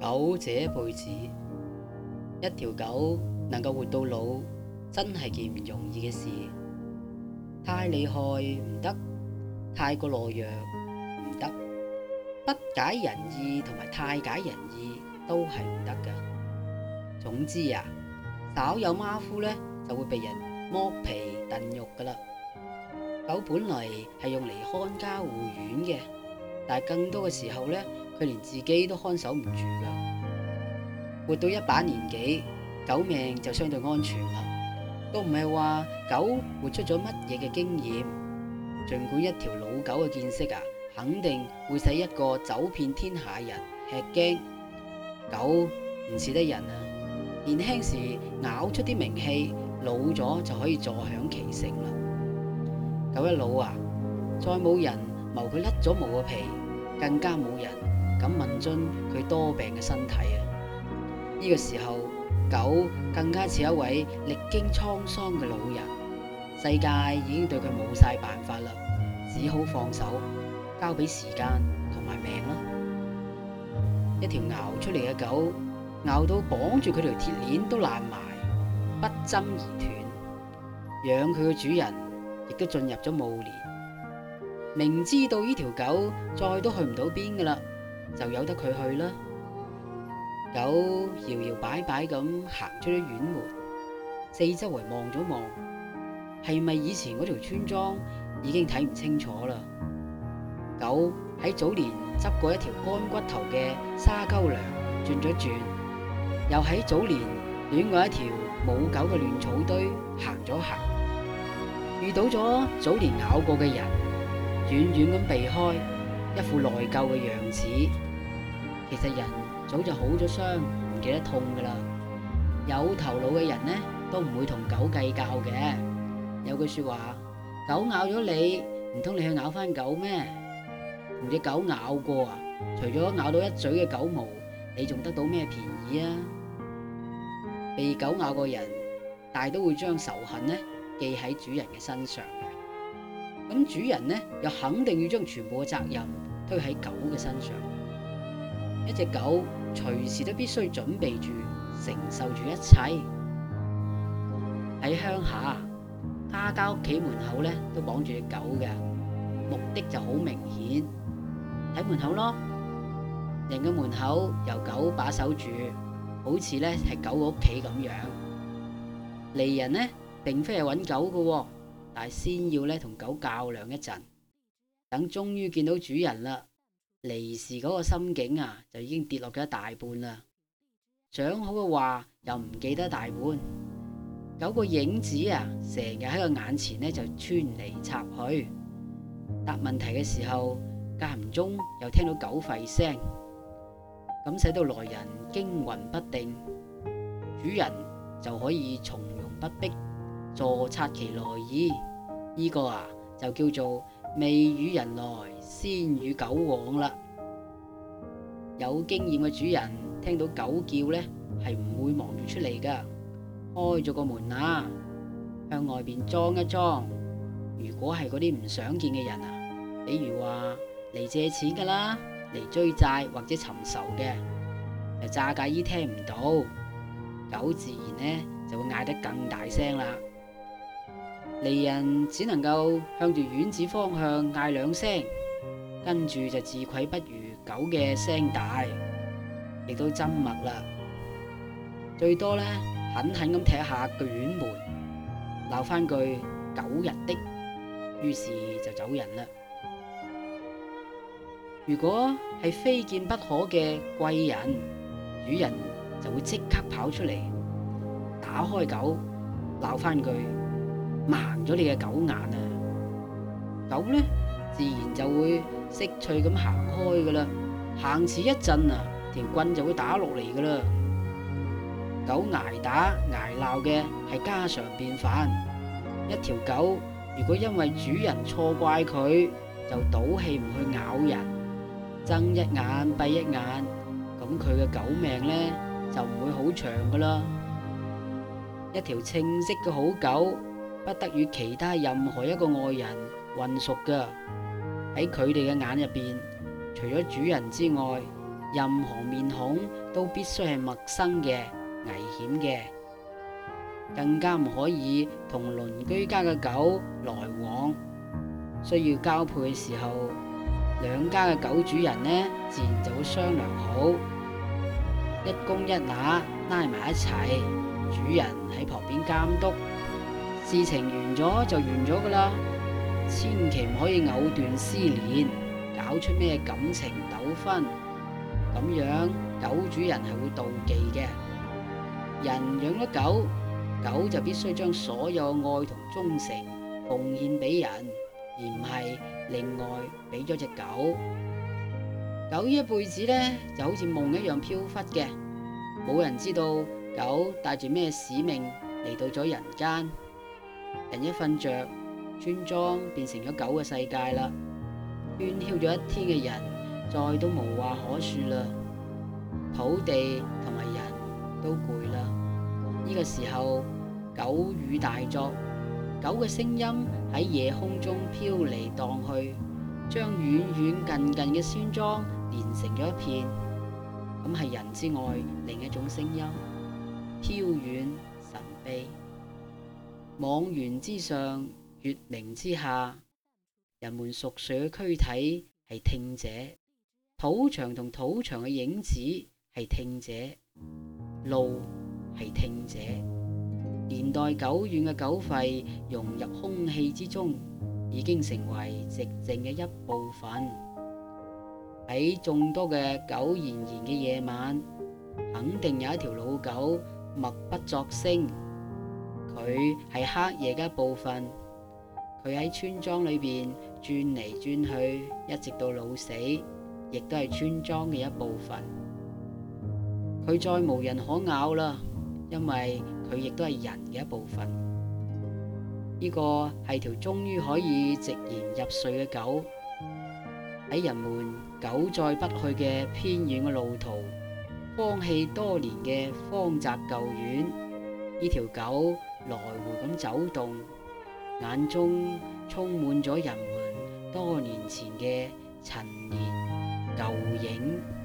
狗這一輩子，一條狗能夠活到老，真係件唔容易嘅事。太厲害唔得，太過懦弱唔得，不解人意同埋太解人意都係唔得㗎。總之啊，稍有馬虎呢，就會被人剝皮燉肉㗎喇。狗本嚟係用嚟看家護院嘅，但係更多嘅時候呢。佢連自己都看守唔住噶，活到一把年紀，狗命就相對安全啦。都唔係話狗活出咗乜嘢嘅經驗，盡管一條老狗嘅見識啊，肯定會使一個走遍天下人吃驚。狗唔似得人啊，年輕時咬出啲名氣，老咗就可以坐享其成啦。狗一老啊，再冇人謀佢甩咗毛嘅皮，更加冇人。咁問津佢多病嘅身體啊。呢個時候，狗更加似一位歷經滄桑嘅老人，世界已經對佢冇晒辦法啦，只好放手，交俾時間同埋命啦。一條熬出嚟嘅狗，熬到綁住佢條鐵鏈都爛埋，不爭而斷。養佢嘅主人亦都進入咗暮年，明知道呢條狗再都去唔到邊噶啦。就由得佢去啦。狗搖搖擺擺咁行出咗院門，四周圍望咗望，係咪以前嗰條村莊已經睇唔清楚啦？狗喺早年執過一條乾骨頭嘅沙溝梁轉咗轉，又喺早年戀過一條冇狗嘅亂草堆行咗行，遇到咗早年咬過嘅人，遠遠咁避開。一副內疚嘅樣子，其實人早就好咗傷，唔記得痛㗎喇。有頭腦嘅人呢，都唔會同狗計較嘅。有句說話，狗咬咗你，唔通你去咬返狗咩？同隻狗咬過啊，除咗咬到一嘴嘅狗毛，你仲得到咩便宜啊？被狗咬個人，大都會將仇恨呢記喺主人嘅身上。咁主人呢，又肯定要將全部嘅責任推喺狗嘅身上，一隻狗隨時都必須準備住承受住一切。喺鄉下，家家屋企門口咧都綁住隻狗嘅，目的就好明顯，睇門口咯。人嘅門口由狗把守住，好似咧係狗嘅屋企咁樣。嚟人呢，並非係搵狗嘅。係先要咧同狗較量一陣，等終於見到主人啦，離時嗰個心境啊就已經跌落咗一大半啦。講好嘅話又唔記得大半，狗個影子啊，成日喺個眼前咧就穿嚟插去，答問題嘅時候間唔中又聽到狗吠聲，咁使到來人驚魂不定，主人就可以從容不迫，坐察其來意。呢個啊就叫做未與人來先與狗往啦。有經驗嘅主人聽到狗叫呢係唔會忙住出嚟噶，開咗個門啊，向外邊裝一裝。如果係嗰啲唔想見嘅人啊，比如話嚟借錢噶啦，嚟追債或者尋仇嘅，又詐假意聽唔到，狗自然呢就會嗌得更大聲啦。離人只能夠向住院子方向嗌兩聲，跟住就自愧不如狗嘅聲大，亦都噤默啦。最多咧，狠狠咁踢下個院門，鬧翻句狗日的，於是就走人啦。如果係非見不可嘅貴人，主人就會即刻跑出嚟，打開狗，鬧翻句。盲咗你嘅狗眼啊，狗呢自然就會識趣咁行開噶啦。行遲一陣啊，條棍就會打落嚟噶啦。狗挨打挨鬧嘅係家常便飯。一條狗如果因為主人錯怪佢，就賭氣唔去咬人，睜一眼閉一眼，咁佢嘅狗命呢就唔會好長噶啦。一條稱色嘅好狗。不得與其他任何一個外人混熟㗎，喺佢哋嘅眼入邊，除咗主人之外，任何面孔都必須係陌生嘅、危險嘅，更加唔可以同鄰居家嘅狗來往。需要交配嘅時候，兩家嘅狗主人呢，自然就會商量好，一公一乸拉埋一齊，主人喺旁邊監督。事情完咗就完咗噶啦，千祈唔可以藕斷絲連，搞出咩感情糾紛，咁樣狗主人係會妒忌嘅。人養咗狗，狗就必須將所有愛同忠誠奉獻俾人，而唔係另外俾咗隻狗。狗這一輩子呢，就好似夢一樣飄忽嘅，冇人知道狗帶住咩使命嚟到咗人間。人一瞓着，村莊變成咗狗嘅世界啦。喧囂咗一天嘅人，再都無話可說啦。土地同埋人都攰啦。呢個時候，狗語大作，狗嘅聲音喺夜空中飄嚟蕩去，將遠遠近近嘅村莊連成咗一片。咁係人之外另一種聲音，飄遠神秘。望遠之上，月明之下，人們熟睡嘅軀體係聽者；土牆同土牆嘅影子係聽者；路係聽者；年代久遠嘅狗吠融入空氣之中，已經成為寂靜嘅一部分。喺眾多嘅狗狺狺嘅夜晚，肯定有一條老狗默不作聲。佢係黑夜嘅一部分，佢喺村莊裏邊轉嚟轉去，一直到老死，亦都係村莊嘅一部分。佢再無人可咬啦，因為佢亦都係人嘅一部分。呢個係條終於可以直言入睡嘅狗，喺人們久在不去嘅偏遠嘅路途，荒棄、多年嘅荒宅舊院，呢條狗，來回咁走動，眼中充滿咗人們多年前嘅陳年舊影。